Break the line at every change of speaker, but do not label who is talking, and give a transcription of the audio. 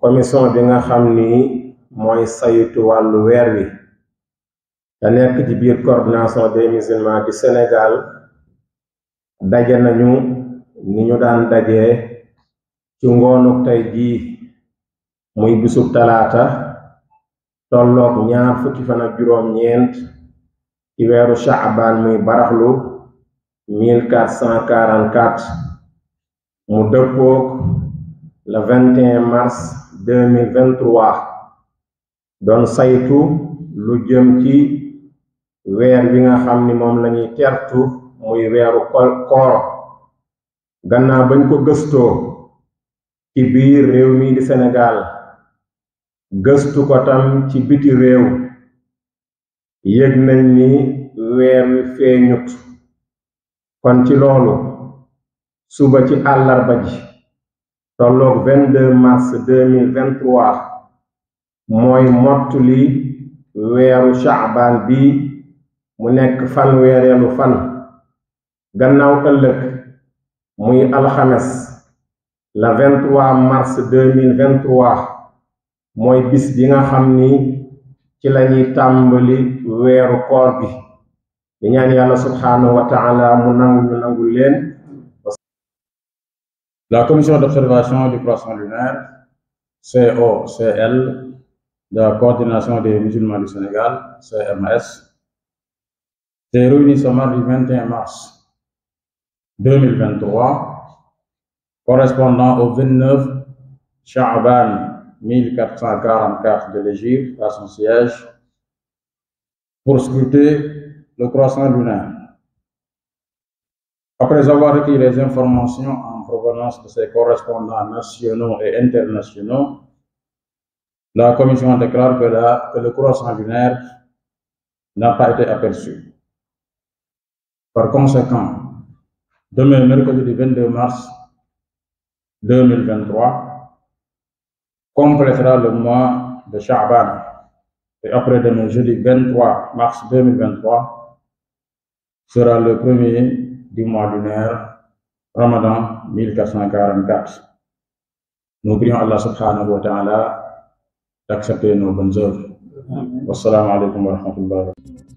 commission bi nga xam ni
mooy saytu wàllu weer wi te nekk ci biir coordination des musulmans du Sénégal daje nañu ni ñu daan dajee ci ngoonuk tey jii muy bisub talaata tolloog ñaar fukki fan juróom ci weeru sha'ban muy baraxlu 1444 mu dëppook le mars doon saytu lu jëm ci weer wi nga xam ni moom lañuy tertu muy weeru koor gannaaw bañ ko gëstoo ci biir réew mi di Sénégal gëstu ko tam ci biti réew yëg nañ ni weer wi feeñut kon ci loolu suba ci àllarba ji tolloog 22 mars 2023 mooy mottuli weeru shaaban bi mu nekk fanweereelu fan gannaaw ëllëg muy alxames la 23 mars 2023 mooy bis bi xam ni la
commission d'observation du croissant lunaire COCL de la coordination des musulmans du Sénégal CMS s'est réunie ce mardi 21 mars 2023 correspondant au 29 Sha'ban 1444 de l'Égypte à son siège pour scruter le croissant lunaire. Après avoir écrit les informations en provenance de ses correspondants nationaux et internationaux, la commission déclare que le croissant lunaire n'a pas été aperçu. Par conséquent, demain, mercredi 22 mars 2023, complétera le mois de Sha'ban. Et après-demain, jeudi 23 mars 2023, sera le premier du mois lunaire, Ramadan 1444. Nous prions Allah subhanahu wa ta'ala d'accepter nos bonnes œuvres. Wassalamu alaikum wa